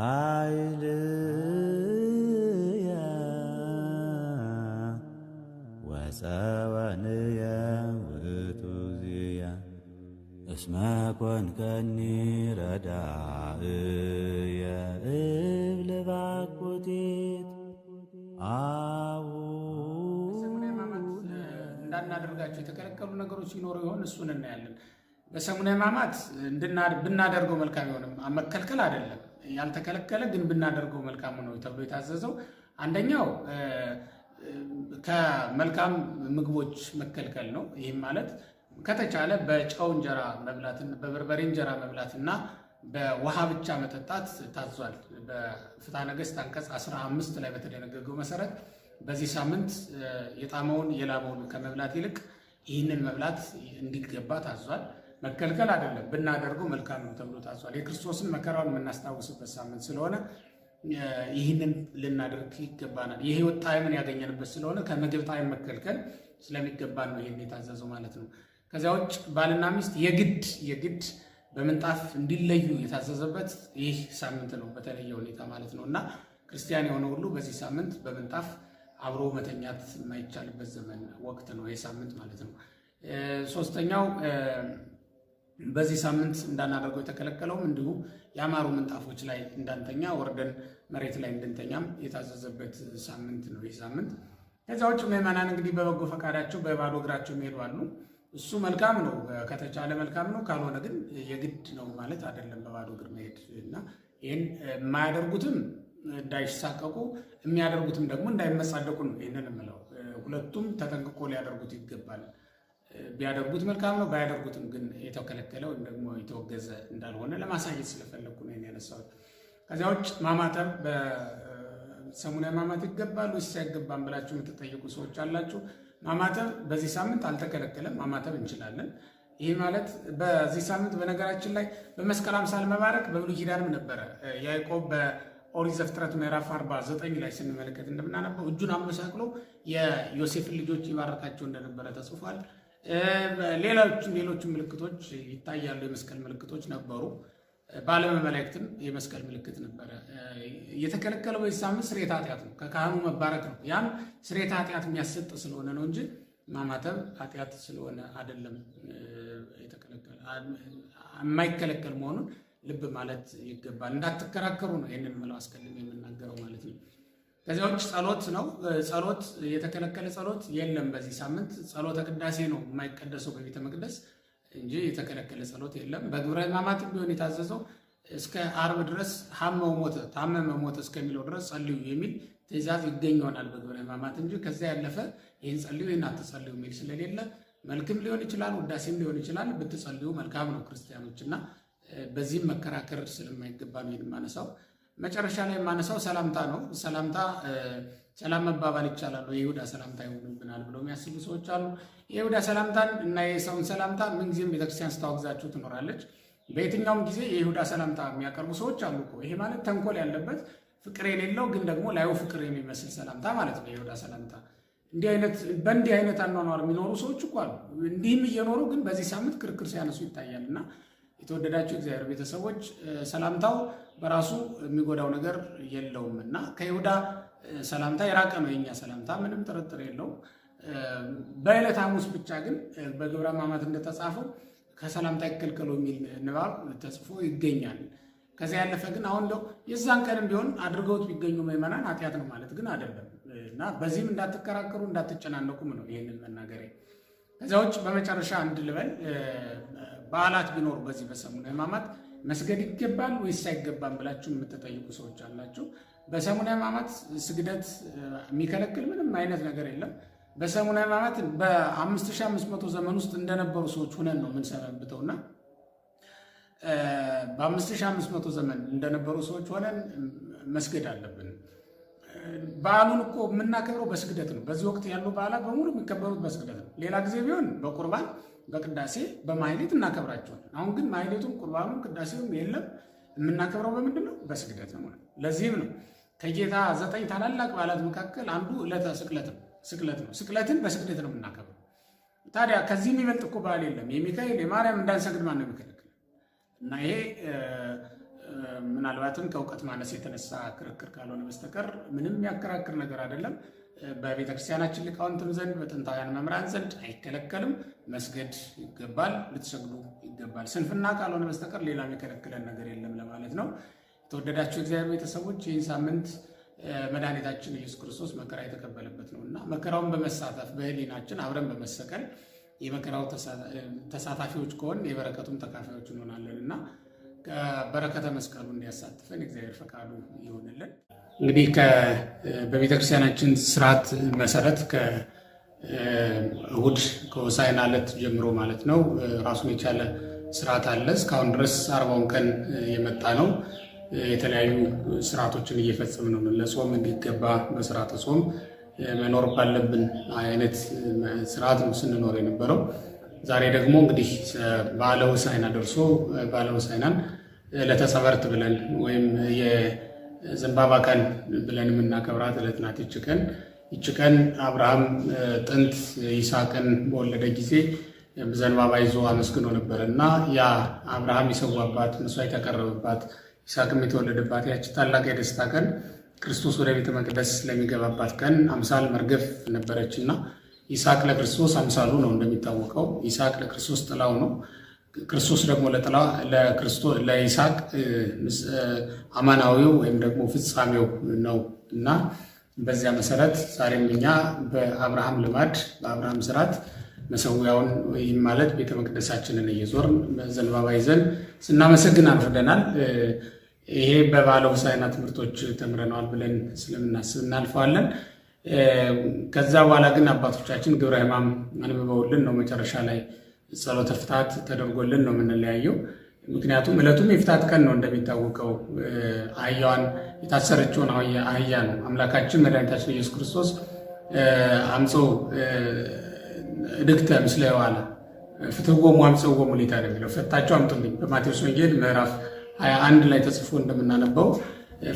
ኃይልየ ወጸወንየ እስመ ኮንከኒ ረዳእየ እብል ባኩቲት እንዳናደርጋቸው የተከለከሉ ነገሮች ሲኖሩ ይሆን እሱን እናያለን። በሰሙነ ሕማማት ብናደርገው መልካም ይሆንም መከልከል አይደለም። ያልተከለከለ ግን ብናደርገው መልካም ነው ተብሎ የታዘዘው አንደኛው ከመልካም ምግቦች መከልከል ነው። ይህም ማለት ከተቻለ በጨው እንጀራ መብላትን፣ በበርበሬ እንጀራ መብላትና በውሃ ብቻ መጠጣት ታዟል። በፍትሐ ነገሥት አንቀጽ 15 ላይ በተደነገገው መሰረት በዚህ ሳምንት የጣመውን የላመውን ከመብላት ይልቅ ይህንን መብላት እንዲገባ ታዟል። መከልከል አይደለም፣ ብናደርገው መልካም ነው ተብሎ ታዟል። የክርስቶስን መከራውን የምናስታውስበት ሳምንት ስለሆነ ይህንን ልናደርግ ይገባናል። የህይወት ጣዕምን ያገኘንበት ስለሆነ ከምግብ ጣዕም መከልከል ስለሚገባን ነው ይህን የታዘዘው ማለት ነው። ከዚያ ውጭ ባልና ሚስት የግድ የግድ በምንጣፍ እንዲለዩ የታዘዘበት ይህ ሳምንት ነው በተለየ ሁኔታ ማለት ነው እና ክርስቲያን የሆነ ሁሉ በዚህ ሳምንት በምንጣፍ አብሮ መተኛት የማይቻልበት ዘመን ወቅት ነው ይህ ሳምንት ማለት ነው። ሶስተኛው በዚህ ሳምንት እንዳናደርገው የተከለከለውም እንዲሁ ያማሩ ምንጣፎች ላይ እንዳንተኛ ወርደን መሬት ላይ እንድንተኛም የታዘዘበት ሳምንት ነው ይህ ሳምንት። ከዚያ ውጭ ምዕመናን እንግዲህ በበጎ ፈቃዳቸው በባዶ እግራቸው የሚሄዱ አሉ። እሱ መልካም ነው፣ ከተቻለ መልካም ነው። ካልሆነ ግን የግድ ነው ማለት አይደለም በባዶ እግር መሄድ እና ይህን የማያደርጉትም እንዳይሳቀቁ የሚያደርጉትም ደግሞ እንዳይመጻደቁ ነው። ይህንን የምለው ሁለቱም ተጠንቅቆ ሊያደርጉት ይገባል። ቢያደርጉት መልካም ነው፣ ባያደርጉትም ግን የተከለከለ ወይም ደግሞ የተወገዘ እንዳልሆነ ለማሳየት ስለፈለግኩ ነው ያነሳሁት። ከዚያ ውጭ ማማተብ በሰሙነ ሕማማት ይገባል ወይስ አይገባም ብላችሁ የምትጠይቁ ሰዎች አላችሁ። ማማተብ በዚህ ሳምንት አልተከለከለም፣ ማማተብ እንችላለን። ይህ ማለት በዚህ ሳምንት በነገራችን ላይ በመስቀል አምሳል መባረክ በብሉይ ኪዳንም ነበረ። ያዕቆብ በኦሪት ዘፍጥረት ምዕራፍ 49 ላይ ስንመለከት እንደምናነበው እጁን አመሳቅሎ የዮሴፍን ልጆች ይባረካቸው እንደነበረ ተጽፏል። ሌሎችም ሌሎችም ምልክቶች ይታያሉ። የመስቀል ምልክቶች ነበሩ። ባለመመለክትም የመስቀል ምልክት ነበረ። የተከለከለ ወይ ሳምንት ኃጢአት ነው፣ ከካህኑ መባረክ ነው። ያም ስሬት ኃጢአት የሚያሰጥ ስለሆነ ነው እንጂ ማማተብ ኃጢአት ስለሆነ አይደለም። የማይከለከል መሆኑን ልብ ማለት ይገባል። እንዳትከራከሩ ነው ይህንን ምለው አስቀድሜ የምናገረው ማለት ነው። ከዚያ ውጭ ጸሎት ነው። ጸሎት የተከለከለ ጸሎት የለም። በዚህ ሳምንት ጸሎተ ቅዳሴ ነው የማይቀደሰው በቤተ መቅደስ እንጂ የተከለከለ ጸሎት የለም። በግብረ ሕማማትም ቢሆን የታዘዘው እስከ አርብ ድረስ ሐመው ሞተ ታመመ ሞተ እስከሚለው ድረስ ጸልዩ የሚል ትእዛዝ ይገኝ በግብረ ሕማማት እንጂ ከዚያ ያለፈ ይህን ጸልዩ ይህን አትጸልዩ የሚል ስለሌለ መልክም ሊሆን ይችላል፣ ውዳሴም ሊሆን ይችላል። ብትጸልዩ መልካም ነው ክርስቲያኖች እና በዚህም መከራከር ስለማይገባ ነው የማነሳው። መጨረሻ ላይ የማነሳው ሰላምታ ነው። ሰላምታ ሰላም መባባል ይቻላል፣ የይሁዳ ሰላምታ ይሆኑብናል ብለው የሚያስቡ ሰዎች አሉ። የይሁዳ ሰላምታን እና የሰውን ሰላምታ ምንጊዜም ቤተክርስቲያን ስታወግዛችሁ ትኖራለች። በየትኛውም ጊዜ የይሁዳ ሰላምታ የሚያቀርቡ ሰዎች አሉ እኮ። ይሄ ማለት ተንኮል ያለበት ፍቅር የሌለው ግን ደግሞ ላዩ ፍቅር የሚመስል ሰላምታ ማለት ነው የይሁዳ ሰላምታ። እንዲህ አይነት በእንዲህ አይነት አኗኗር የሚኖሩ ሰዎች እኮ አሉ። እንዲህም እየኖሩ ግን በዚህ ሳምንት ክርክር ሲያነሱ ይታያል እና የተወደዳቸው እግዚአብሔር ቤተሰቦች ሰላምታው በራሱ የሚጎዳው ነገር የለውም እና ከይሁዳ ሰላምታ የራቀ ነው የኛ ሰላምታ፣ ምንም ጥርጥር የለውም። በዕለት ሐሙስ ብቻ ግን በግብረ ሕማማት እንደተጻፈው ከሰላምታ ይከልከሉ የሚል ንባብ ተጽፎ ይገኛል። ከዚያ ያለፈ ግን አሁን ለው የዛን ቀንም ቢሆን አድርገውት ቢገኙ ምዕመናን ኃጢአት ነው ማለት ግን አይደለም እና በዚህም እንዳትከራከሩ እንዳትጨናነቁም ነው ይህንን መናገሬ። ከዚያ ውጭ በመጨረሻ አንድ ልበል በዓላት ቢኖሩ በዚህ በሰሙነ ሕማማት መስገድ ይገባል ወይስ አይገባም ብላችሁ የምትጠይቁ ሰዎች አላችሁ። በሰሙነ ሕማማት ስግደት የሚከለክል ምንም አይነት ነገር የለም። በሰሙነ ሕማማት በ5500 ዘመን ውስጥ እንደነበሩ ሰዎች ሁነን ነው የምንሰነብተውና በ5500 ዘመን እንደነበሩ ሰዎች ሆነን መስገድ አለብን። በዓሉን እኮ የምናከብረው በስግደት ነው። በዚህ ወቅት ያሉ በዓላት በሙሉ የሚከበሩት በስግደት ነው። ሌላ ጊዜ ቢሆን በቁርባን በቅዳሴ በማህሌት እናከብራቸዋል። አሁን ግን ማህሌቱም ቁርባኑም ቅዳሴውም የለም። የምናከብረው በምንድን ነው? በስግደት ነው። ለዚህም ነው ከጌታ ዘጠኝ ታላላቅ በዓላት መካከል አንዱ ዕለተ ስቅለት ነው። ስቅለት ነው። ስቅለትን በስግደት ነው የምናከብረው። ታዲያ ከዚህ የሚበልጥ እኮ በዓል የለም። የሚካኤል የማርያም እንዳንሰግድ ማነው የሚከለክል? እና ይሄ ምናልባትም ከእውቀት ማነስ የተነሳ ክርክር ካልሆነ በስተቀር ምንም ያከራክር ነገር አይደለም። በቤተክርስቲያናችን ሊቃውንትም ዘንድ በጥንታውያን መምህራን ዘንድ አይከለከልም። መስገድ ይገባል፣ ልትሰግዱ ይገባል። ስንፍና ካልሆነ በስተቀር ሌላም የከለከለን ነገር የለም ለማለት ነው። የተወደዳቸው እግዚአብሔር ቤተሰቦች ይህን ሳምንት መድኃኒታችን ኢየሱስ ክርስቶስ መከራ የተቀበለበት ነው እና መከራውን በመሳተፍ በህሊናችን አብረን በመሰቀል የመከራው ተሳታፊዎች ከሆን የበረከቱም ተካፋዮች እንሆናለን እና በረከተ መስቀሉ እንዲያሳትፈን እግዚአብሔር ፈቃዱ ይሆንልን። እንግዲህ በቤተክርስቲያናችን ስርዓት መሰረት ከእሁድ ከሆሳዕና ዕለት ጀምሮ ማለት ነው ራሱን የቻለ ስርዓት አለ። እስካሁን ድረስ አርባውን ቀን የመጣ ነው። የተለያዩ ስርዓቶችን እየፈጸም ነው። ለጾም እንዲገባ በስርዓተ ጾም መኖር ባለብን አይነት ስርዓት ነው ስንኖር የነበረው። ዛሬ ደግሞ እንግዲህ በዓለ ሆሳዕና ደርሶ በዓለ ሆሳዕናን ዕለተ ሰበርት ብለን ወይም የዘንባባ ቀን ብለን የምናከብራት ዕለት ናት። ይች ቀን ይች ቀን አብርሃም ጥንት ይስሐቅን በወለደ ጊዜ ዘንባባ ይዞ አመስግኖ ነበር እና ያ አብርሃም የሰዋባት መስዋዕት ያቀረበባት ይስሐቅም የተወለደባት ያች ታላቅ የደስታ ቀን ክርስቶስ ወደ ቤተ መቅደስ ለሚገባባት ቀን አምሳል መርገፍ ነበረች እና ይስሐቅ ለክርስቶስ አምሳሉ ነው። እንደሚታወቀው ይስሐቅ ለክርስቶስ ጥላው ነው። ክርስቶስ ደግሞ ለጥላ ለይስሐቅ አማናዊው ወይም ደግሞ ፍጻሜው ነው እና በዚያ መሰረት ዛሬም እኛ በአብርሃም ልማድ በአብርሃም ስርዓት መሰዊያውን ወይም ማለት ቤተ መቅደሳችንን እየዞርን ዘንባባ ይዘን ስናመሰግን አንፍደናል። ይሄ በባለ ሆሳዕና ትምህርቶች ተምረነዋል ብለን ስለምናስብ እናልፈዋለን። ከዛ በኋላ ግን አባቶቻችን ግብረ ሕማም አንብበውልን ነው መጨረሻ ላይ ጸሎተ ፍታት ተደርጎልን ነው የምንለያየው። ምክንያቱም እለቱም የፍታት ቀን ነው። እንደሚታወቀው አህያዋን የታሰረችውን አህያ ነው አምላካችን መድኃኒታችን ኢየሱስ ክርስቶስ አምፆ እድግተ ምስለ የዋለ ፍትሕዎሙ አምጽእዎሙ ሊተ ነው የሚለው ፈታቸው አምጡልኝ በማቴዎስ ወንጌል ምዕራፍ 21 ላይ ተጽፎ እንደምናነበው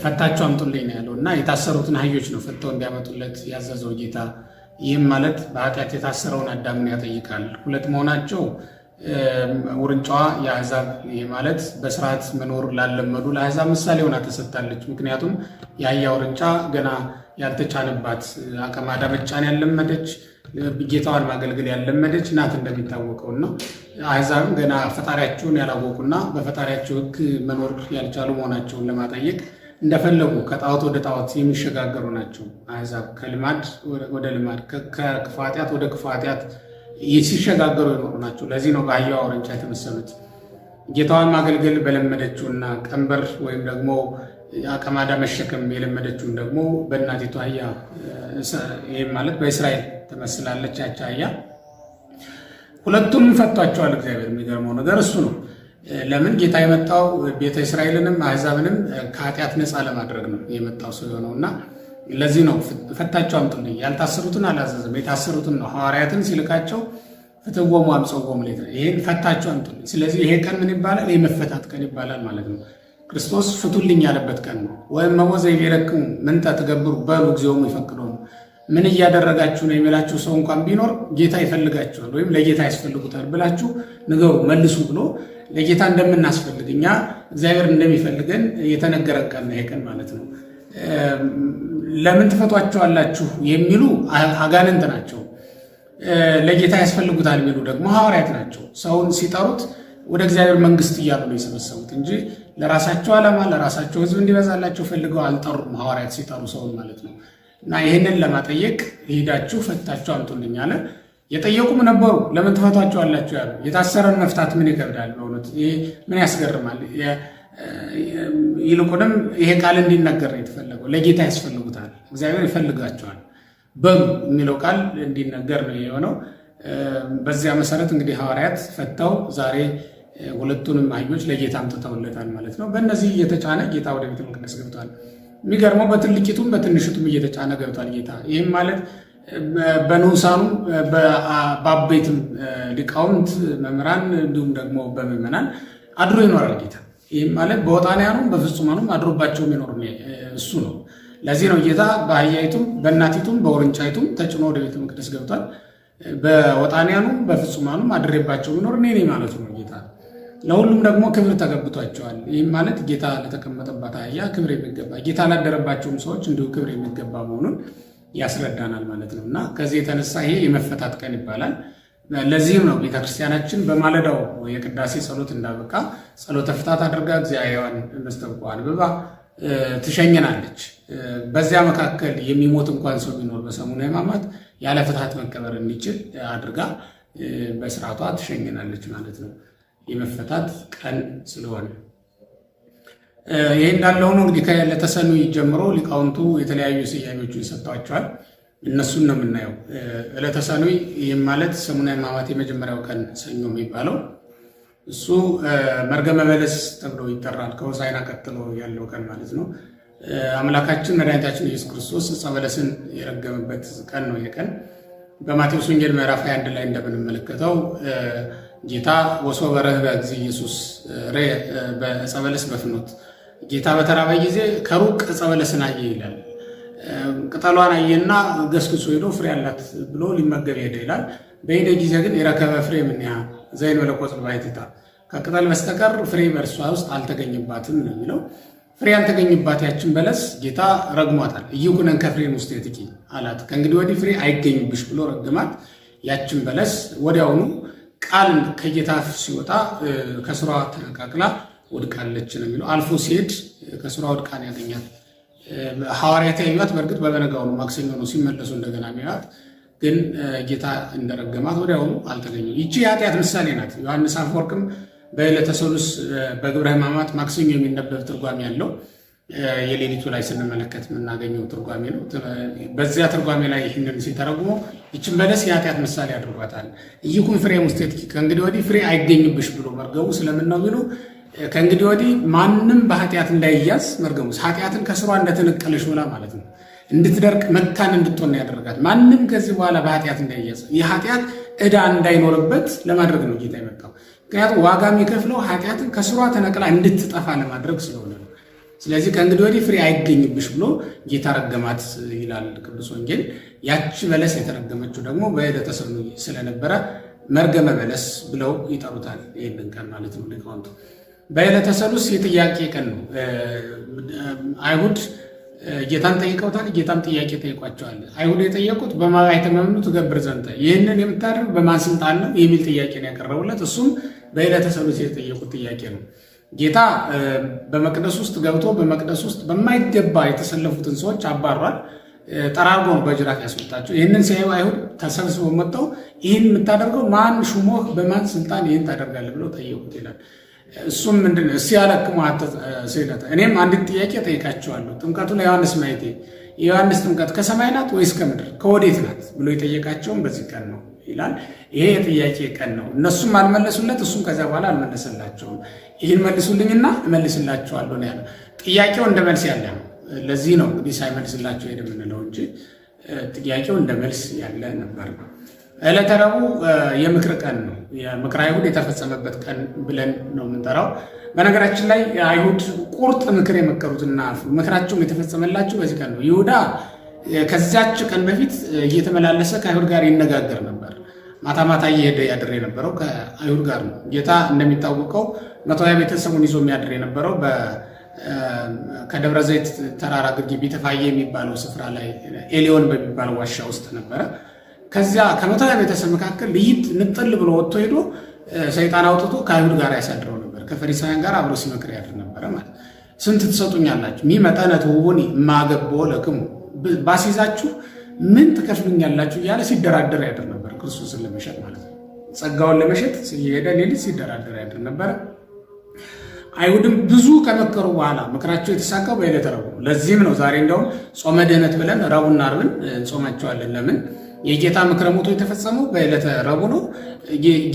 ፈታችሁ አምጡልኝ ነው ያለው እና የታሰሩትን አህዮች ነው ፈተው እንዲያመጡለት ያዘዘው ጌታ። ይህም ማለት በኃጢአት የታሰረውን አዳምን ያጠይቃል። ሁለት መሆናቸው ውርንጫዋ ይህ ማለት በስርዓት መኖር ላለመዱ ለአሕዛብ ምሳሌ ሆና ተሰጥታለች። ምክንያቱም የአህያ ውርንጫ ገና ያልተጫነባት አቀማዳ መጫን ያለመደች ጌታዋን ማገልገል ያለመደች ናት እንደሚታወቀው እና አሕዛብም ገና ፈጣሪያቸውን ያላወቁና በፈጣሪያቸው ሕግ መኖር ያልቻሉ መሆናቸውን ለማጠየቅ እንደፈለጉ ከጣዖት ወደ ጣዖት የሚሸጋገሩ ናቸው። አሕዛብ ከልማድ ወደ ልማድ ከክፋጢያት ወደ ክፋጢያት ሲሸጋገሩ የኖሩ ናቸው። ለዚህ ነው በአህያዋ ውርንጫ የተመሰሉት። ጌታዋን ማገልገል በለመደችው እና ቀንበር ወይም ደግሞ አቀማዳ መሸከም የለመደችውን ደግሞ በእናቲቱ አህያ ይህም ማለት በእስራኤል ተመስላለች። ያች አህያ ሁለቱም ፈቷቸዋል። እግዚአብሔር የሚገርመው ነገር እሱ ነው። ለምን ጌታ የመጣው ቤተ እስራኤልንም አሕዛብንም ከኃጢአት ነፃ ለማድረግ ነው የመጣው ስለሆነው እና ለዚህ ነው ፈታቸው አምጡልኝ ያልታሰሩትን አላዘዘም፣ የታሰሩትን ነው ሐዋርያትን ሲልካቸው ፍትወሙ አምፀወሙ ነው። ይህን ፈታቸው አምጡልኝ። ስለዚህ ይሄ ቀን ምን ይባላል? የመፈታት ቀን ይባላል ማለት ነው። ክርስቶስ ፍቱልኝ ያለበት ቀን ነው። ወይም መወዘ የሚረክሙ ምንተ ትገብሩ በሉ ጊዜውም ይፈቅደው ነው። ምን እያደረጋችሁ ነው የሚላችሁ ሰው እንኳን ቢኖር ጌታ ይፈልጋችኋል ወይም ለጌታ ያስፈልጉታል ብላችሁ ንገሩ መልሱ ብሎ ለጌታ እንደምናስፈልግ እኛ እግዚአብሔር እንደሚፈልገን የተነገረ ቀን ነው ይሄ ማለት ነው። ለምን ትፈቷቸዋላችሁ የሚሉ አጋንንት ናቸው። ለጌታ ያስፈልጉታል የሚሉ ደግሞ ሐዋርያት ናቸው። ሰውን ሲጠሩት ወደ እግዚአብሔር መንግስት እያሉ ነው የሰበሰቡት እንጂ ለራሳቸው ዓላማ ለራሳቸው ሕዝብ እንዲበዛላቸው ፈልገው አልጠሩም። ሐዋርያት ሲጠሩ ሰውን ማለት ነው። እና ይህንን ለማጠየቅ ሄዳችሁ ፈታችሁ አምጡልኝ አለ። የጠየቁም ነበሩ። ለምን ትፈቷቸዋላችሁ ያሉ። የታሰረን መፍታት ምን ይከብዳል? በእውነት ይሄ ምን ያስገርማል? ይልቁንም ይሄ ቃል እንዲነገር ነው የተፈለገው። ለጌታ ያስፈልጉታል፣ እግዚአብሔር ይፈልጋቸዋል። በም የሚለው ቃል እንዲነገር ነው የሆነው። በዚያ መሰረት እንግዲህ ሐዋርያት ፈተው ዛሬ ሁለቱንም አህዮች ለጌታ አምጥተውለታል ማለት ነው። በእነዚህ እየተጫነ ጌታ ወደ ቤተ መቅደስ ገብቷል። የሚገርመው በትልቂቱም በትንሽቱም እየተጫነ ገብቷል ጌታ ይህም ማለት በንዑሳኑ በአበይትም ሊቃውንት መምህራን፣ እንዲሁም ደግሞ በምዕመናን አድሮ ይኖራል ጌታ። ይህም ማለት በወጣንያኑም በፍጹማኑም አድሮባቸውም ይኖር እሱ ነው። ለዚህ ነው ጌታ በአህያይቱም በእናቲቱም በውርንጫይቱም ተጭኖ ወደ ቤተ መቅደስ ገብቷል። በወጣንያኑም በፍጹማኑም አድሬባቸው ይኖር እኔ ነኝ ማለቱ ነው ጌታ። ለሁሉም ደግሞ ክብር ተገብቷቸዋል። ይህም ማለት ጌታ ለተቀመጠባት አህያ ክብር የሚገባ ጌታ ላደረባቸውም ሰዎች እንዲሁ ክብር የሚገባ መሆኑን ያስረዳናል ማለት ነው እና ከዚህ የተነሳ ይሄ የመፈታት ቀን ይባላል። ለዚህም ነው ቤተክርስቲያናችን በማለዳው የቅዳሴ ጸሎት እንዳበቃ ጸሎተ ፍታት አድርጋ እግዚአብሔዋን መስተብቆ አንብባ ትሸኝናለች። በዚያ መካከል የሚሞት እንኳን ሰው ቢኖር በሰሙነ ሕማማት ያለ ፍታት መቀበር እንዲችል አድርጋ በስርዓቷ ትሸኝናለች ማለት ነው የመፈታት ቀን ስለሆነ ይህ እንዳለ ሆኖ እንግዲህ ከለተሰኑይ ጀምሮ ሊቃውንቱ የተለያዩ ስያሜዎችን ሰጥተዋቸዋል። እነሱን ነው የምናየው። ለተሰኑ ይህም ማለት ሰሙነ ሕማማት የመጀመሪያው ቀን ሰኞ የሚባለው እሱ መርገመ በለስ ተብሎ ይጠራል። ከሆሳዕና ቀጥሎ ያለው ቀን ማለት ነው። አምላካችን መድኃኒታችን ኢየሱስ ክርስቶስ ዕፀ በለስን የረገመበት ቀን ነው። የቀን በማቴዎስ ወንጌል ምዕራፍ 21 ላይ እንደምንመለከተው ጌታ ወሶበ ርኅበ እግዚእ ኢየሱስ ሬ በለስ በፍኖት ጌታ በተራበ ጊዜ ከሩቅ ዕፀ በለስን አየ ይላል። ቅጠሏን አየና ገስግሶ ሄዶ ፍሬ አላት ብሎ ሊመገብ ሄደ ይላል። በሄደ ጊዜ ግን የረከበ ፍሬ ምንያ ዘይን መለኮት ባይትታ ከቅጠል በስተቀር ፍሬ በእርሷ ውስጥ አልተገኝባትም ነው የሚለው። ፍሬ አልተገኝባት ያችን በለስ ጌታ ረግሟታል። እይኩነን ከፍሬን ውስጥ የትቂ አላት፣ ከእንግዲህ ወዲህ ፍሬ አይገኝብሽ ብሎ ረግማት ያችን በለስ ወዲያውኑ ቃል ከጌታ ሲወጣ ከስሯ ተነቃቅላ ወድቃለች ነው የሚለው። አልፎ ሲሄድ ከስራ ወድቃን ያገኛል። ሐዋርያት ያዩት በእርግጥ በበነጋው ነው ማክሰኞ ነው ሲመለሱ እንደገና ሚላት ግን ጌታ እንደረገማት ወዲያውኑ አልተገኘም። ይቺ የኃጢአት ምሳሌ ናት። ዮሐንስ አፈወርቅም በዕለተ ሰሉስ በግብረ ሕማማት ማክሰኞ የሚነበብ ትርጓሜ ያለው የሌሊቱ ላይ ስንመለከት የምናገኘው ትርጓሜ ነው። በዚያ ትርጓሜ ላይ ይህንን ሲተረጉሞ ይችን በለስ የኃጢአት ምሳሌ አድርጓታል። እይኩን ፍሬ ውስጤት ከእንግዲህ ወዲህ ፍሬ አይገኝብሽ ብሎ መርገቡ ስለምን ነው ቢሉ ከእንግዲህ ወዲህ ማንም በኃጢአት እንዳይያዝ መርገሙስ ኃጢአትን ከስሯ እንደተነቀለች ሆና ማለት ነው እንድትደርቅ መታን እንድትሆን ያደረጋት ማንም ከዚህ በኋላ በኃጢአት እንዳይያዝ የኃጢአት እዳ እንዳይኖርበት ለማድረግ ነው ጌታ የመጣው። ምክንያቱም ዋጋ የሚከፍለው ኃጢአትን ከስሯ ተነቅላ እንድትጠፋ ለማድረግ ስለሆነ ነው። ስለዚህ ከእንግዲህ ወዲህ ፍሬ አይገኝብሽ ብሎ ጌታ ረገማት ይላል ቅዱስ ወንጌል። ያቺ በለስ የተረገመችው ደግሞ በዕለተ ሰኑ ስለነበረ መርገመ በለስ ብለው ይጠሩታል ይህንን ቀን ማለት ነው ሊቃውንቱ። በዕለተ ሰሉስ የጥያቄ ቀን ነው። አይሁድ ጌታን ጠይቀውታል፣ ጌታም ጥያቄ ጠይቋቸዋል። አይሁድ የጠየቁት በማኅተመ ምኑ ትገብር ዘንተ፣ ይህንን የምታደርግ በማን ሥልጣን ነው የሚል ጥያቄ ነው ያቀረቡለት። እሱም በዕለተ ሰሉስ የጠየቁት ጥያቄ ነው። ጌታ በመቅደስ ውስጥ ገብቶ በመቅደስ ውስጥ በማይገባ የተሰለፉትን ሰዎች አባሯል። ጠራርጎ በጅራፍ ያስወጣቸው። ይህንን ሲያዩ አይሁድ ተሰብስበው መጥተው ይህን የምታደርገው ማን ሹሞህ፣ በማን ስልጣን ይህን ታደርጋለህ ብለው ጠየቁት ይላል። እሱም ምንድን ነው? እስኪ ያለክሙ ስዕለት እኔም አንዲት ጥያቄ ጠይቃቸዋለሁ። ጥምቀቱ ዮሐንስ ማየቴ የዮሐንስ ጥምቀት ከሰማይ ናት ወይስ ከምድር ከወዴት ናት ብሎ የጠየቃቸውም በዚህ ቀን ነው ይላል። ይሄ የጥያቄ ቀን ነው። እነሱም አልመለሱለት፣ እሱም ከዚያ በኋላ አልመለሰላቸውም። ይህን መልሱልኝና እመልስላቸዋለሁ ነው ያለ። ጥያቄው እንደ መልስ ያለ ነው። ለዚህ ነው እንግዲህ ሳይመልስላቸው ሄደ የምንለው እንጂ ጥያቄው እንደ መልስ ያለ ነበር። ነው። ዕለተ ረቡዕ የምክር ቀን ነው። የምክር አይሁድ የተፈጸመበት ቀን ብለን ነው የምንጠራው። በነገራችን ላይ አይሁድ ቁርጥ ምክር የመከሩትና ምክራቸውም የተፈጸመላቸው በዚህ ቀን ነው። ይሁዳ ከዚያች ቀን በፊት እየተመላለሰ ከአይሁድ ጋር ይነጋገር ነበር። ማታ ማታ እየሄደ ያድር የነበረው ከአይሁድ ጋር ነው። ጌታ እንደሚታወቀው መቶ ሃያ ቤተሰቡን ይዞ የሚያድር የነበረው ከደብረ ዘይት ተራራ ግርጌ ቤተፋዬ የሚባለው ስፍራ ላይ ኤሊዮን በሚባለው ዋሻ ውስጥ ነበረ። ከዚያ ከኖታዊ ቤተሰብ መካከል ልይት ንጥል ብሎ ወጥቶ ሄዶ ሰይጣን አውጥቶ ከአይሁድ ጋር ያሳድረው ነበር። ከፈሪሳውያን ጋር አብሮ ሲመክር ያድር ነበረ። ማለት ስንት ትሰጡኛላችሁ? ሚመጠነ ትውቡኒ ማገቦ ለክሙ ባሲዛችሁ ምን ትከፍሉኛላችሁ? እያለ ሲደራደር ያድር ነበር። ክርስቶስን ለመሸጥ ማለት ነው። ጸጋውን ለመሸጥ ሲሄደ ሌሊት ሲደራደር ያድር ነበረ። አይሁድም ብዙ ከመከሩ በኋላ ምክራቸው የተሳካው በዕለተ ረቡዕ። ለዚህም ነው ዛሬ እንደውም ጾመ ድህነት ብለን ረቡዕና ዓርብን እንጾማቸዋለን። ለምን የጌታ ምክረ ሞቱ የተፈጸመው በዕለተ ረቡዕ ነው።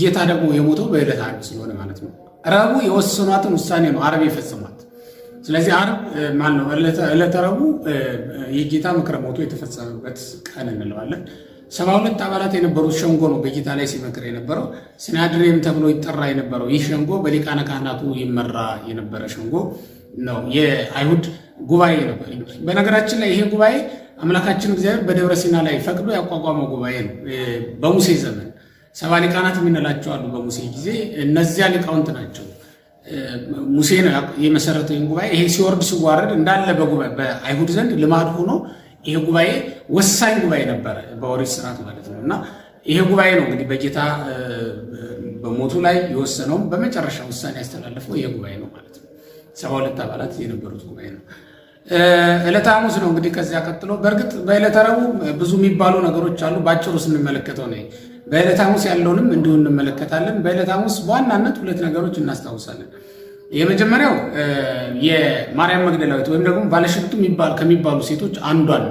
ጌታ ደግሞ የሞተው በዕለተ ዓርብ ስለሆነ ማለት ነው። ረቡዕ የወሰኗትን ውሳኔ ነው ዓርብ የፈጸሟት። ስለዚህ ዓርብ ማነው? ዕለተ ረቡዕ የጌታ ምክረ ሞቱ የተፈጸመበት ቀን እንለዋለን። ሰባ ሁለት አባላት የነበሩት ሸንጎ ነው በጌታ ላይ ሲመክር የነበረው። ሲናድሬም ተብሎ ይጠራ የነበረው ይህ ሸንጎ በሊቃነ ካህናቱ ይመራ የነበረ ሸንጎ ነው። የአይሁድ ጉባኤ ነበር። በነገራችን ላይ ይሄ ጉባኤ አምላካችን እግዚአብሔር በደብረ ሲና ላይ ፈቅዶ ያቋቋመው ጉባኤ ነው። በሙሴ ዘመን ሰባ ሊቃናት የምንላቸው አሉ። በሙሴ ጊዜ እነዚያ ሊቃውንት ናቸው። ሙሴ ነው ጉባኤ። ይሄ ሲወርድ ሲዋረድ እንዳለ በአይሁድ ዘንድ ልማድ ሆኖ ይሄ ጉባኤ ወሳኝ ጉባኤ ነበረ፣ በኦሪት ስርዓት ማለት ነው። እና ይሄ ጉባኤ ነው እንግዲህ በጌታ በሞቱ ላይ የወሰነውም በመጨረሻ ውሳኔ ያስተላለፈው ይሄ ጉባኤ ነው ማለት ነው። ሰባ ሁለት አባላት የነበሩት ጉባኤ ነው። ዕለተ ሐሙስ ነው እንግዲህ ከዚያ ቀጥሎ። በእርግጥ በዕለተ ረቡዕ ብዙ የሚባሉ ነገሮች አሉ። በአጭሩ ስንመለከተው ነው። በዕለተ ሐሙስ ያለውንም እንዲሁ እንመለከታለን። በዕለተ ሐሙስ በዋናነት ሁለት ነገሮች እናስታውሳለን። የመጀመሪያው የማርያም መግደላዊት ወይም ደግሞ ባለሽቱ ከሚባሉ ሴቶች አንዷን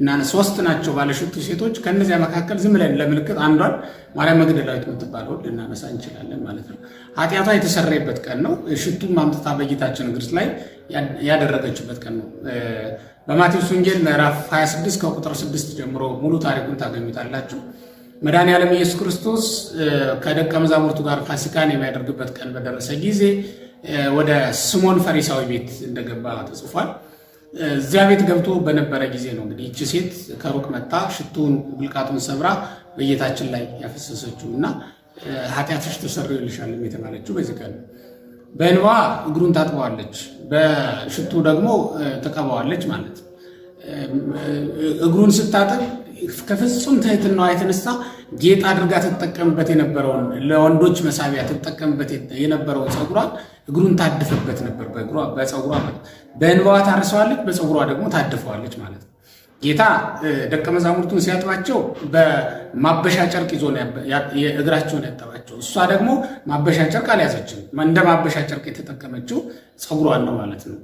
እና ሶስት ናቸው ባለሽቱ ሴቶች። ከእነዚያ መካከል ዝም ብለን ለምልክት አንዷን ማርያም መግደላዊት የምትባለው ልናነሳ እንችላለን ማለት ነው። ኃጢአቷ የተሰረየበት ቀን ነው። ሽቱም አምጥታ በጌታችን እግር ላይ ያደረገችበት ቀን ነው። በማቴዎስ ወንጌል ምዕራፍ 26 ከቁጥር 6 ጀምሮ ሙሉ ታሪኩን ታገኙታላችሁ። መድኃኔ ዓለም ኢየሱስ ክርስቶስ ከደቀ መዛሙርቱ ጋር ፋሲካን የሚያደርግበት ቀን በደረሰ ጊዜ ወደ ስሞን ፈሪሳዊ ቤት እንደገባ ተጽፏል። እዚያ ቤት ገብቶ በነበረ ጊዜ ነው እንግዲህ ይቺ ሴት ከሩቅ መጣ ሽቱን ብልቃጡን ሰብራ በጌታችን ላይ ያፈሰሰችው እና ኃጢአትሽ ተሰርዮልሻል የተባለችው በዚህ ቀን ነው። በእንባ እግሩን ታጥበዋለች፣ በሽቱ ደግሞ ትቀባዋለች ማለት ነው። እግሩን ስታጥብ ከፍጹም ትህትናዋ የተነሳ ጌጥ አድርጋ ትጠቀምበት የነበረውን ለወንዶች መሳቢያ ትጠቀምበት የነበረውን ፀጉሯን እግሩን ታድፍበት ነበር። በእግሯ በፀጉሯ በእንባዋ ታርሰዋለች፣ በፀጉሯ ደግሞ ታድፈዋለች ማለት ነው። ጌታ ደቀ መዛሙርቱን ሲያጥባቸው በማበሻ ጨርቅ ይዞ እግራቸውን ያጠባቸው። እሷ ደግሞ ማበሻ ጨርቅ አልያዘችም። እንደ ማበሻ ጨርቅ የተጠቀመችው ፀጉሯን ነው ማለት ነው።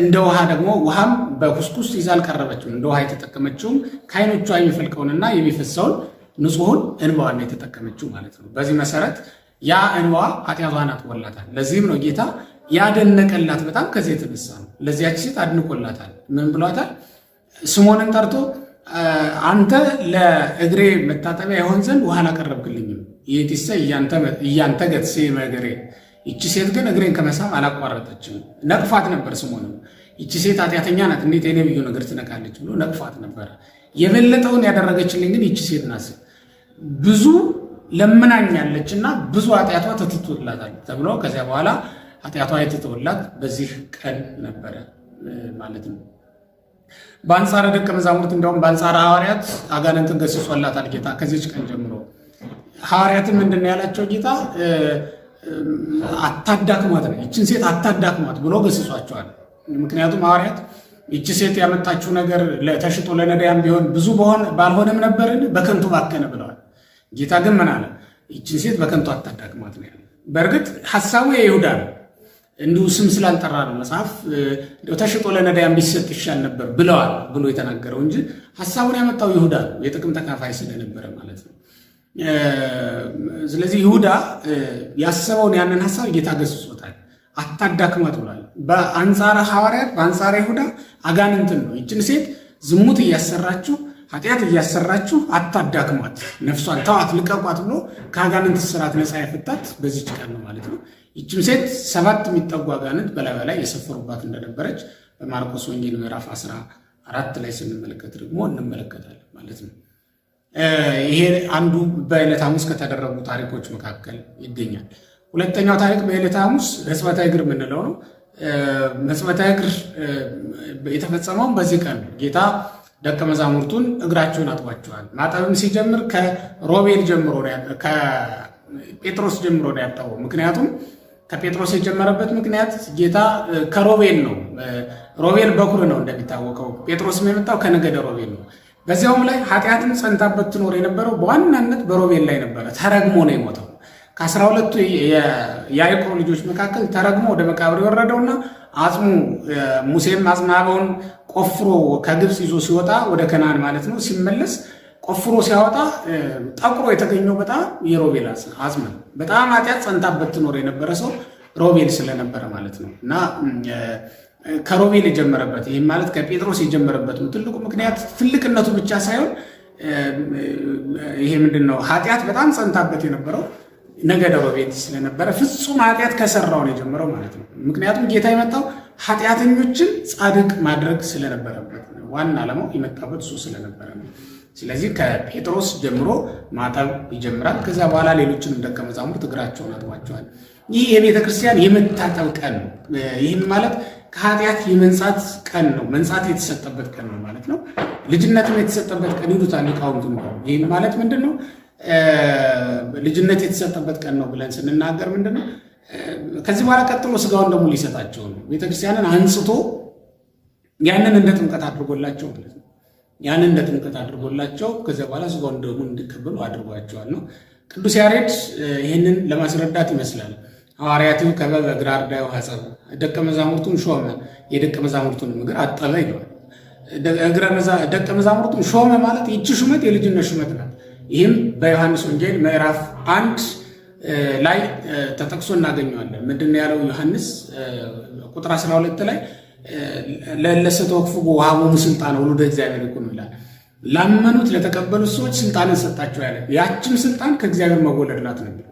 እንደ ውሃ ደግሞ ውሃም በኩስኩስ ይዛ አልቀረበችም። እንደ ውሃ የተጠቀመችውም ከአይኖቿ የሚፈልቀውንና የሚፈሰውን ንጹሑን እንባዋን ነው የተጠቀመችው ማለት ነው። በዚህ መሰረት ያ እንባ ኃጢአቷን አጥቦላታል። ለዚህም ነው ጌታ ያደነቀላት በጣም ከዚህ የተነሳ ነው። ለዚያች ሴት አድንቆላታል። ምን ብሏታል? ስሞንን ጠርቶ አንተ ለእግሬ መታጠቢያ ይሆን ዘንድ ውሃ አላቀረብክልኝም። ይእቲሰ እያንተ ገትሴ በእግሬ ይቺ ሴት ግን እግሬን ከመሳብ አላቋረጠችም። ነቅፋት ነበር ስሞንም። ይቺ ሴት ኃጢአተኛ ናት፣ እንዴት የኔ ብዩ እግር ትነካለች ብሎ ነቅፋት ነበር። የበለጠውን ያደረገችልኝ ግን ይቺ ሴት ናት። ብዙ ለምናኝ ያለች እና ብዙ ኃጢአቷ ተትቶላታል ተብሎ ከዚያ በኋላ ኃጢአቷ የተተወላት በዚህ ቀን ነበረ ማለት ነው። በአንጻረ ደቀ መዛሙርት እንዲሁም በአንጻረ ሐዋርያት አጋንንትን ገስጾላታል ጌታ ከዚች ቀን ጀምሮ። ሐዋርያትን ምንድን ነው ያላቸው ጌታ? አታዳክሟት ነው ይችን ሴት አታዳክሟት ብሎ ገስጿቸዋል። ምክንያቱም ሐዋርያት ይቺ ሴት ያመጣችው ነገር ተሽጦ ለነዳያም ቢሆን ብዙ ባልሆነም ነበርን በከንቱ ባከነ ብለዋል። ጌታ ግን ምን አለ? ይችን ሴት በከንቱ አታዳክሟት ነው። በእርግጥ ሀሳቡ የይሁዳ ነው እንዲሁ ስም ስላልጠራ ነው መጽሐፍ ተሽጦ ለነዳያን ቢሰጥ ይሻል ነበር ብለዋል ብሎ የተናገረው እንጂ ሀሳቡን ያመጣው ይሁዳ ነው፣ የጥቅም ተካፋይ ስለነበረ ማለት ነው። ስለዚህ ይሁዳ ያሰበውን ያንን ሀሳብ ጌታ ገስጾታል። አታዳክማት ብሏል። በአንጻረ ሐዋርያት፣ በአንጻረ ይሁዳ አጋንንትን ነው ይችን ሴት ዝሙት እያሰራችሁ ኃጢአት እያሰራችሁ አታዳክሟት፣ ነፍሷን ተዋት፣ ልቀቋት ብሎ ከአጋንንት ስራት ነፃ ያፈታት በዚች ቀን ነው ማለት ነው። ይችም ሴት ሰባት የሚጠጉ አጋንንት በላይ በላይ የሰፈሩባት እንደነበረች በማርቆስ ወንጌል ምዕራፍ 14 ላይ ስንመለከት ደግሞ እንመለከታለን ማለት ነው። ይሄ አንዱ በዕለት ሐሙስ ከተደረጉ ታሪኮች መካከል ይገኛል። ሁለተኛው ታሪክ በዕለት ሐሙስ ሕጽበተ እግር የምንለው ነው። ሕጽበተ እግር የተፈጸመውን በዚህ ቀን ጌታ ደቀ መዛሙርቱን እግራቸውን አጥቧቸዋል። ማጠብም ሲጀምር ከሮቤል ጀምሮ ከጴጥሮስ ጀምሮ ነው ያጠበው። ምክንያቱም ከጴጥሮስ የጀመረበት ምክንያት ጌታ ከሮቤል ነው። ሮቤል በኩር ነው እንደሚታወቀው። ጴጥሮስም የመጣው ከነገደ ሮቤል ነው። በዚያውም ላይ ኃጢአትን ጸንታበት ትኖር የነበረው በዋናነት በሮቤል ላይ ነበረ። ተረግሞ ነው የሞተው። ከአስራ ሁለቱ የያዕቆብ ልጆች መካከል ተረግሞ ወደ መቃብር የወረደውና አጽሙ ሙሴም አጽማበውን ቆፍሮ ከግብፅ ይዞ ሲወጣ ወደ ከናን ማለት ነው ሲመለስ ቆፍሮ ሲያወጣ ጠቁሮ የተገኘው በጣም የሮቤል አጽም ነው። በጣም ኃጢአት ጸንታበት ትኖር የነበረ ሰው ሮቤል ስለነበረ ማለት ነው እና ከሮቤል የጀመረበት ይህም ማለት ከጴጥሮስ የጀመረበት ነው ትልቁ ምክንያት ትልቅነቱ ብቻ ሳይሆን ይሄ ምንድን ነው ኃጢአት በጣም ጸንታበት የነበረው ነገደ በቤት ስለነበረ ፍጹም ኃጢአት ከሰራው ነው የጀመረው ማለት ነው። ምክንያቱም ጌታ የመጣው ኃጢአተኞችን ጻድቅ ማድረግ ስለነበረበት ነው። ዋና ዓላማው የመጣበት እሱ ስለነበረ ነው። ስለዚህ ከጴጥሮስ ጀምሮ ማጠብ ይጀምራል። ከዛ በኋላ ሌሎችንም ደቀ መዛሙርት እግራቸውን አጥቧቸዋል። ይህ የቤተ ክርስቲያን የመታጠብ ቀን ነው። ይህም ማለት ከኃጢአት የመንጻት ቀን ነው። መንጻት የተሰጠበት ቀን ነው ማለት ነው። ልጅነትም የተሰጠበት ቀን ይሉታል ሊቃውንት። ይህም ማለት ምንድን ነው? ልጅነት የተሰጠበት ቀን ነው ብለን ስንናገር ምንድነው ከዚህ በኋላ ቀጥሎ ስጋውን ደግሞ ሊሰጣቸው ነው። ቤተክርስቲያንን አንጽቶ ያንን እንደ ጥምቀት አድርጎላቸው ማለት ነው። ያንን እንደ ጥምቀት አድርጎላቸው ከዚያ በኋላ ስጋውን ደግሞ እንዲቀበሉ አድርጓቸዋል ነው። ቅዱስ ያሬድ ይህንን ለማስረዳት ይመስላል ሐዋርያቱ ከበበ እግረ አርዳው ደቀ መዛሙርቱን ሾመ፣ የደቀ መዛሙርቱን እግር አጠበ ይለዋል። ደቀ መዛሙርቱን ሾመ ማለት ይቺ ሹመት የልጅነት ሹመት ናት። ይህም በዮሐንስ ወንጌል ምዕራፍ አንድ ላይ ተጠቅሶ እናገኘዋለን። ምንድነው ያለው ዮሐንስ ቁጥር 12 ላይ ለእለሰ ተወክፍጎ ወሀቦሙ ስልጣን ወሉደ እግዚአብሔር ይኩን ይላል። ላመኑት ለተቀበሉት ሰዎች ስልጣንን ሰጣቸው ያለ ያችም ስልጣን ከእግዚአብሔር መወለድ ናት ነበር።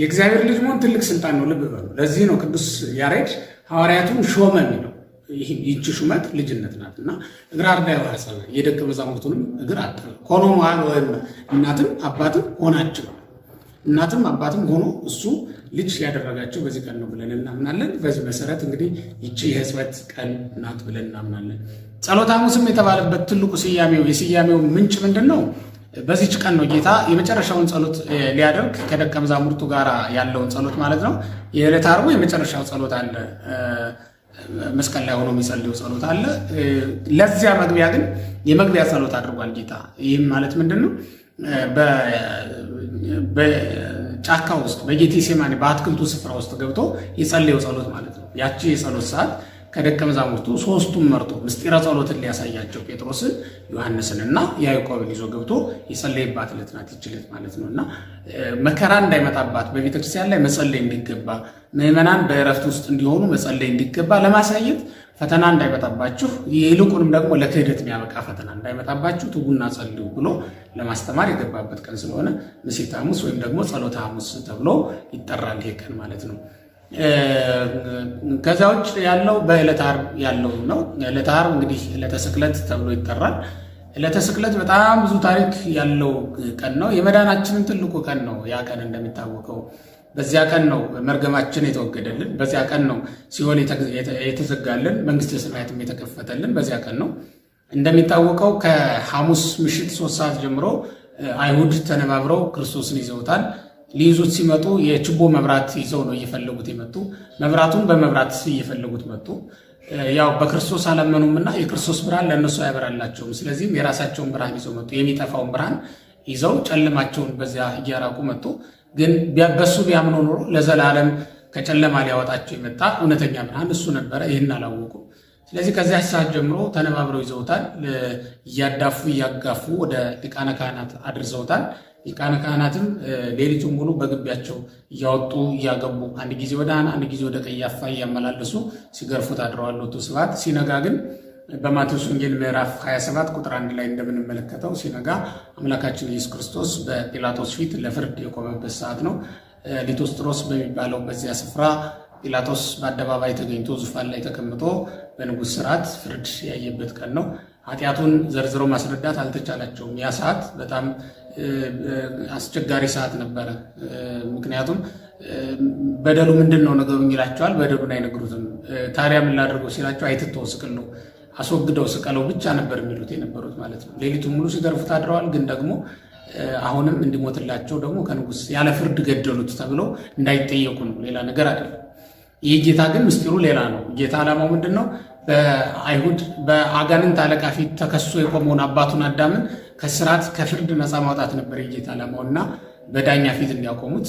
የእግዚአብሔር ልጅ መሆን ትልቅ ስልጣን ነው። ልብ በሉ። ለዚህ ነው ቅዱስ ያሬድ ሐዋርያቱን ሾመ የሚለው ይህቺ ሹመት ልጅነት ናት እና እግር አርዳ የዋረሰ የደቀ መዛሙርቱንም እግር አጠ ሆኖ ወይም እናትም አባትም ሆናቸው እናትም አባትም ሆኖ እሱ ልጅ ያደረጋቸው በዚህ ቀን ነው ብለን እናምናለን። በዚህ መሰረት እንግዲህ ይቺ የሕጽበት ቀን ናት ብለን እናምናለን። ጸሎተ ሐሙስም የተባለበት ትልቁ ስያሜው የስያሜው ምንጭ ምንድን ነው? በዚች ቀን ነው ጌታ የመጨረሻውን ጸሎት ሊያደርግ ከደቀ መዛሙርቱ ጋር ያለውን ጸሎት ማለት ነው። የዕለተ ዓርቡ የመጨረሻው ጸሎት አለ መስቀል ላይ ሆኖ የሚጸልዩ ጸሎት አለ። ለዚያ መግቢያ ግን የመግቢያ ጸሎት አድርጓል ጌታ። ይህም ማለት ምንድን ነው? በጫካ ውስጥ በጌቴ በአትክልቱ ስፍራ ውስጥ ገብቶ የጸለየው ጸሎት ማለት ነው። ያቺ የጸሎት ሰዓት ከደቀ መዛሙርቱ ሶስቱም መርጦ ምስጢረ ጸሎትን ሊያሳያቸው ጴጥሮስን ዮሐንስንና ያዕቆብን ይዞ ገብቶ የጸለይባት ዕለት ናት ማለት ነው። እና መከራ እንዳይመጣባት በቤተክርስቲያን ላይ መጸለይ እንዲገባ ምዕመናን በእረፍት ውስጥ እንዲሆኑ መጸለይ እንዲገባ ለማሳየት ፈተና እንዳይመጣባችሁ ይልቁንም ደግሞ ለክህደት የሚያበቃ ፈተና እንዳይመጣባችሁ ትጉና ጸልዩ ብሎ ለማስተማር የገባበት ቀን ስለሆነ ምሴተ ሐሙስ ወይም ደግሞ ጸሎተ ሐሙስ ተብሎ ይጠራል ይሄ ቀን ማለት ነው። ከዛ ውጭ ያለው በዕለተ ዓርብ ያለው ነው። ዕለተ ዓርብ እንግዲህ ዕለተ ስቅለት ተብሎ ይጠራል። ዕለተ ስቅለት በጣም ብዙ ታሪክ ያለው ቀን ነው። የመዳናችንን ትልቁ ቀን ነው። ያ ቀን እንደሚታወቀው በዚያ ቀን ነው መርገማችን የተወገደልን፣ በዚያ ቀን ነው ሲኦል የተዘጋልን፣ መንግስት ሰማያትም የተከፈተልን በዚያ ቀን ነው። እንደሚታወቀው ከሐሙስ ምሽት ሶስት ሰዓት ጀምሮ አይሁድ ተነባብረው ክርስቶስን ይዘውታል። ሊይዙት ሲመጡ የችቦ መብራት ይዘው ነው እየፈለጉት የመጡ። መብራቱን በመብራት እየፈለጉት መጡ። ያው በክርስቶስ አላመኑም እና የክርስቶስ ብርሃን ለእነሱ አያበራላቸውም። ስለዚህም የራሳቸውን ብርሃን ይዘው መጡ። የሚጠፋውን ብርሃን ይዘው ጨለማቸውን በዚያ እያራቁ መጡ። ግን በሱ ቢያምኖ ኖሮ ለዘላለም ከጨለማ ሊያወጣቸው የመጣ እውነተኛ ብርሃን እሱ ነበረ። ይህን አላወቁ። ስለዚህ ከዚያ ሰዓት ጀምሮ ተነባብረው ይዘውታል። እያዳፉ እያጋፉ ወደ ሊቃነ ካህናት አድርዘውታል። ሊቃነ ካህናትም ሌሊቱን ሙሉ በግቢያቸው እያወጡ እያገቡ አንድ ጊዜ ወደ ሐና አንድ ጊዜ ወደ ቀያፋ እያመላለሱ ሲገርፉት አድረዋል። ሎቱ ስብሐት። ሲነጋ ግን በማቴዎስ ወንጌል ምዕራፍ 27 ቁጥር አንድ ላይ እንደምንመለከተው ሲነጋ አምላካችን ኢየሱስ ክርስቶስ በጲላጦስ ፊት ለፍርድ የቆመበት ሰዓት ነው። ሊቶስጥሮስ በሚባለው በዚያ ስፍራ ጲላጦስ በአደባባይ ተገኝቶ ዙፋን ላይ ተቀምጦ በንጉሥ ስርዓት ፍርድ ያየበት ቀን ነው። ኃጢአቱን ዘርዝሮ ማስረዳት አልተቻላቸውም። ያ ሰዓት በጣም አስቸጋሪ ሰዓት ነበረ። ምክንያቱም በደሉ ምንድን ነው ነገሩኝ ይላቸዋል። በደሉን አይነግሩትም። ታዲያ ምን ላድርገው ሲላቸው አይትተው ነው አስወግደው ስቀለው ብቻ ነበር የሚሉት የነበሩት ማለት ነው። ሌሊቱ ሙሉ ሲገርፉት አድረዋል። ግን ደግሞ አሁንም እንዲሞትላቸው ደግሞ ከንጉስ ያለ ፍርድ ገደሉት ተብሎ እንዳይጠየቁ ነው። ሌላ ነገር አይደለም። ይህ ጌታ ግን ምስጢሩ ሌላ ነው። ጌታ ዓላማው ምንድን ነው? በአይሁድ በአጋንንት አለቃ ፊት ተከሶ የቆመውን አባቱን አዳምን ከስርዓት ከፍርድ ነፃ ማውጣት ነበር የጌታ ዓላማው እና በዳኛ ፊት እንዲያቆሙት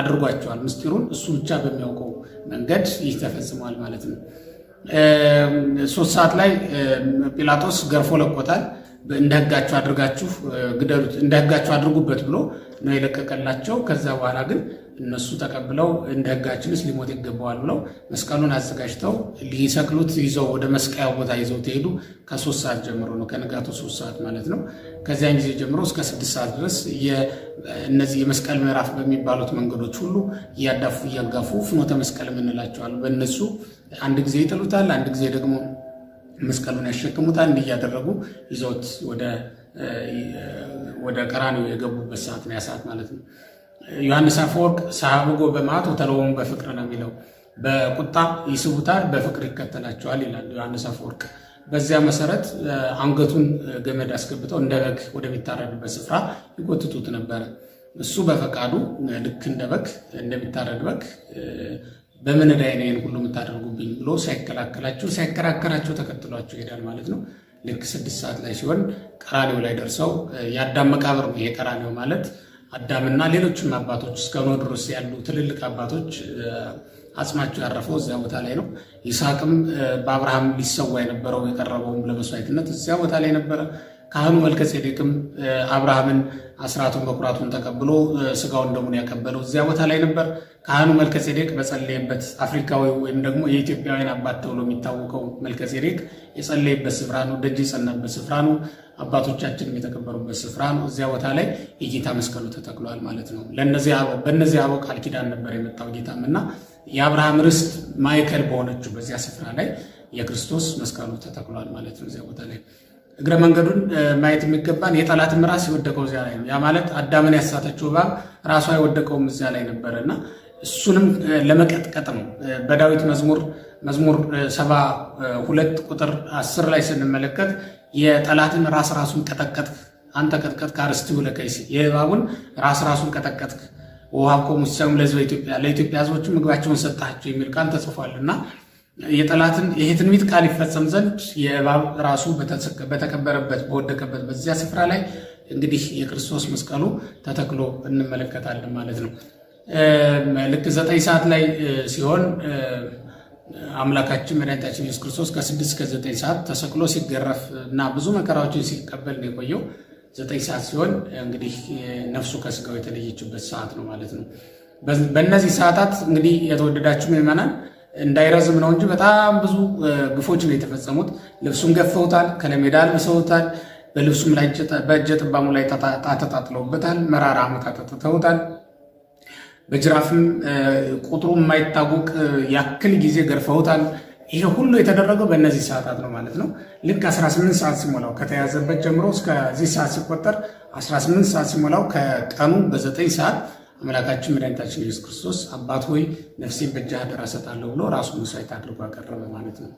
አድርጓቸዋል። ምስጢሩን እሱ ብቻ በሚያውቀው መንገድ ይህ ተፈጽሟል ማለት ነው። ሶስት ሰዓት ላይ ጲላጦስ ገርፎ ለቆታል። እንደ አድርጋችሁ ግደሉት፣ እንደ አድርጉበት ብሎ ነው የለቀቀላቸው። ከዛ በኋላ ግን እነሱ ተቀብለው እንደ ሕጋችንስ ሊሞት ይገባዋል ብለው መስቀሉን አዘጋጅተው ሊሰቅሉት ይዘው ወደ መስቀያ ቦታ ይዘው ተሄዱ። ከሶስት ሰዓት ጀምሮ ነው ከንጋቱ ሶስት ሰዓት ማለት ነው። ከዚያን ጊዜ ጀምሮ እስከ ስድስት ሰዓት ድረስ እነዚህ የመስቀል ምዕራፍ በሚባሉት መንገዶች ሁሉ እያዳፉ እያጋፉ ፍኖተ መስቀል የምንላቸዋል። በእነሱ አንድ ጊዜ ይጥሉታል፣ አንድ ጊዜ ደግሞ መስቀሉን ያሸክሙታል። እያደረጉ ይዘውት ወደ ቀራኒው የገቡበት ሰዓት ነው ያ ሰዓት ማለት ነው። ዮሐንስ አፈወርቅ ሳሃብጎ በመዓት ወተረወሙ በፍቅር ነው የሚለው። በቁጣ ይስቡታል፣ በፍቅር ይከተላቸዋል ይላል ዮሐንስ አፈወርቅ። በዚያ መሰረት አንገቱን ገመድ አስገብተው እንደ በግ ወደሚታረድበት ስፍራ ይጎትቱት ነበረ። እሱ በፈቃዱ ልክ እንደ በግ እንደሚታረድ በግ በምን ላይ ነው ይህን ሁሉ የምታደርጉብኝ ብሎ ሳይከላከላቸው ሳይከራከራቸው ተከትሏቸው ይሄዳል ማለት ነው። ልክ ስድስት ሰዓት ላይ ሲሆን ቀራኔው ላይ ደርሰው የአዳም መቃብር ነው ይሄ ቀራኔው ማለት አዳምና ሌሎችም አባቶች እስከኖ ድረስ ያሉ ትልልቅ አባቶች አጽማቸው ያረፈው እዚያ ቦታ ላይ ነው። ይስሐቅም በአብርሃም ሊሰዋ የነበረው የቀረበውም ለመስዋዕትነት እዚያ ቦታ ላይ ነበረ። ካህኑ መልከጼዴቅም አብርሃምን አስራቱን በኩራቱን ተቀብሎ ስጋውን ደሙን ያቀበለው እዚያ ቦታ ላይ ነበር። ካህኑ መልከጼዴቅ በጸለየበት አፍሪካዊ ወይም ደግሞ የኢትዮጵያውያን አባት ተብሎ የሚታወቀው መልከጼዴቅ የጸለየበት ስፍራ ነው። ደጅ የጸናበት ስፍራ ነው። አባቶቻችን የተከበሩበት ስፍራ ነው። እዚያ ቦታ ላይ የጌታ መስቀሉ ተተክሏል ማለት ነው። በእነዚህ አበው ቃል ኪዳን ነበር የመጣው ጌታም እና የአብርሃም ርስት ማዕከል በሆነችው በዚያ ስፍራ ላይ የክርስቶስ መስቀሉ ተተክሏል ማለት ነው። እዚያ ቦታ ላይ እግረ መንገዱን ማየት የሚገባን የጠላትም ራስ የወደቀው እዚያ ላይ ነው። ያ ማለት አዳምን ያሳተችው እባብ ራሷ የወደቀውም እዚያ ላይ ነበር እና እሱንም ለመቀጥቀጥ ነው። በዳዊት መዝሙር መዝሙር ሰባ ሁለት ቁጥር አስር ላይ ስንመለከት የጠላትን ራስ ራሱን ቀጠቀጥክ አንተ ቀጥቀጥክ አርስትዑ ለቀይሲ የእባቡን ራስ ራሱን ቀጠቀጥክ ኮ ሙሳዩም ለሕዝበ ኢትዮጵያ ለኢትዮጵያ ህዝቦቹ ምግባቸውን ሰጣቸው የሚል ቃል ተጽፏል እና የጠላትን ይሄ ትንቢት ቃል ይፈጸም ዘንድ የእባብ ራሱ በተከበረበት በወደቀበት በዚያ ስፍራ ላይ እንግዲህ የክርስቶስ መስቀሉ ተተክሎ እንመለከታለን ማለት ነው። ልክ ዘጠኝ ሰዓት ላይ ሲሆን አምላካችን መድኃኒታችን ኢየሱስ ክርስቶስ ከስድስት ከዘጠኝ ሰዓት ተሰቅሎ ሲገረፍ እና ብዙ መከራዎችን ሲቀበል ነው የቆየው። ዘጠኝ ሰዓት ሲሆን እንግዲህ ነፍሱ ከስጋው የተለየችበት ሰዓት ነው ማለት ነው። በእነዚህ ሰዓታት እንግዲህ የተወደዳችሁ ምዕመናን እንዳይረዝም ነው እንጂ በጣም ብዙ ግፎች ነው የተፈጸሙት። ልብሱን ገፈውታል፣ ከለሜዳ አልብሰውታል፣ በልብሱም ላይ በእጀ ጥባሙ ላይ ተጣጥለውበታል መራራ ዓመታት ተተውታል። በጅራፍም ቁጥሩ የማይታወቅ ያክል ጊዜ ገርፈውታል። ይሄ ሁሉ የተደረገው በእነዚህ ሰዓታት ነው ማለት ነው። ልክ 18 ሰዓት ሲሞላው ከተያዘበት ጀምሮ እስከዚህ ሰዓት ሲቆጠር 18 ሰዓት ሲሞላው ከቀኑ በዘጠኝ ሰዓት አምላካችን መድኃኒታችን ኢየሱስ ክርስቶስ አባት ሆይ ነፍሴን በእጅህ አደራ እሰጣለሁ ብሎ ራሱ መስዋዕት አድርጎ አቀረበ ማለት ነው።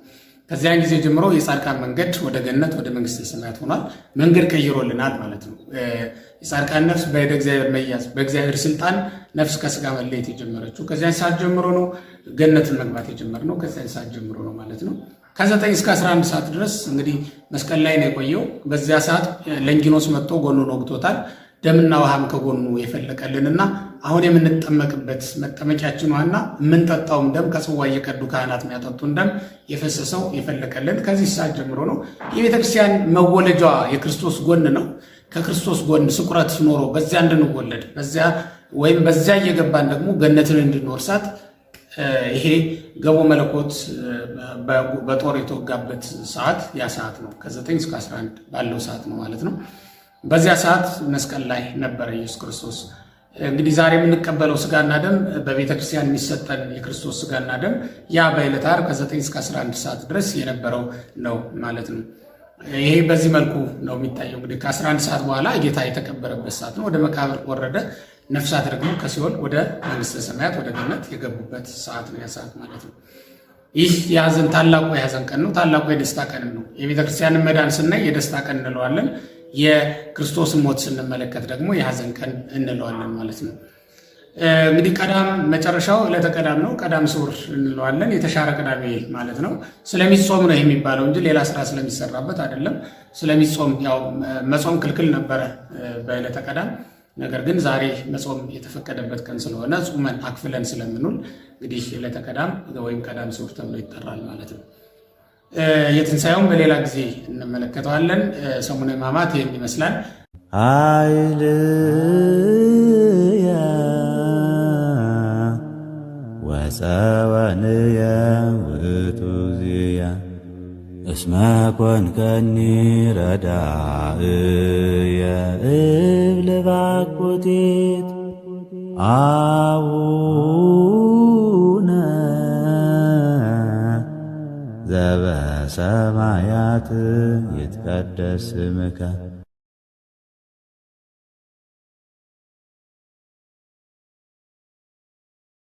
ከዚያን ጊዜ ጀምሮ የጻድቃን መንገድ ወደ ገነት ወደ መንግስተ ሰማያት ሆኗል። መንገድ ቀይሮልናል ማለት ነው። የጻድቃን ነፍስ በእደ እግዚአብሔር መያዝ፣ በእግዚአብሔር ስልጣን ነፍስ ከስጋ መለየት የጀመረችው ከዚያን ሰዓት ጀምሮ ነው። ገነትን መግባት የጀመርነው ከዚያን ሰዓት ጀምሮ ነው ማለት ነው። ከዘጠኝ እስከ 11 ሰዓት ድረስ እንግዲህ መስቀል ላይ ነው የቆየው። በዚያ ሰዓት ለንጊኖስ መጥቶ ጎኑን ወግቶታል። ደምና ውሃም ከጎኑ የፈለቀልንና አሁን የምንጠመቅበት መጠመቂያችን ዋና የምንጠጣውም ደም ከጽዋ እየቀዱ ካህናት የሚያጠጡን ደም የፈሰሰው የፈለቀልን ከዚህ ሰዓት ጀምሮ ነው። የቤተክርስቲያን መወለጃዋ የክርስቶስ ጎን ነው። ከክርስቶስ ጎን ስቁረት ኖሮ በዚያ እንድንወለድ በዚያ ወይም በዚያ እየገባን ደግሞ ገነትን እንድንወርሳት ይሄ ገቦ መለኮት በጦር የተወጋበት ሰዓት ያ ሰዓት ነው። ከ9 እስከ 11 ባለው ሰዓት ነው ማለት ነው። በዚያ ሰዓት መስቀል ላይ ነበረ ኢየሱስ ክርስቶስ። እንግዲህ ዛሬ የምንቀበለው ስጋና ደም በቤተ ክርስቲያን የሚሰጠን የክርስቶስ ስጋና ደም ያ በዕለተ ዓርብ ከ9 እስከ 11 ሰዓት ድረስ የነበረው ነው ማለት ነው። ይሄ በዚህ መልኩ ነው የሚታየው። እንግዲህ ከ11 ሰዓት በኋላ ጌታ የተቀበረበት ሰዓት ነው። ወደ መቃብር ወረደ። ነፍሳት ደግሞ ከሲኦል ወደ መንግስተ ሰማያት ወደ ገነት የገቡበት ሰዓት ነው ያ ሰዓት ማለት ነው። ይህ የሀዘን ታላቁ የሀዘን ቀን ነው። ታላቁ የደስታ ቀንም ነው። የቤተክርስቲያንን መዳን ስናይ የደስታ ቀን እንለዋለን። የክርስቶስን ሞት ስንመለከት ደግሞ የሐዘን ቀን እንለዋለን ማለት ነው። እንግዲህ ቀዳም መጨረሻው ዕለተ ቀዳም ነው። ቀዳም ስዑር እንለዋለን። የተሻረ ቅዳሜ ማለት ነው። ስለሚጾም ነው የሚባለው እንጂ ሌላ ስራ ስለሚሰራበት አይደለም። ስለሚጾም ያው መጾም ክልክል ነበረ በዕለተ ቀዳም። ነገር ግን ዛሬ መጾም የተፈቀደበት ቀን ስለሆነ ጾመን አክፍለን ስለምንውል እንግዲህ ዕለተ ቀዳም ወይም ቀዳም ስዑር ተብሎ ይጠራል ማለት ነው። የትንሣኤውን በሌላ ጊዜ እንመለከተዋለን። ሰሙነ ሕማማት ይህን ይመስላል። ሃይልየ ወጸወንየ ውእቱ እግዚእየ እስመ ኮንከኒ ረዳእየ እብልባኩቲት አቡ በሰማያት ይትቀደስ ስምከ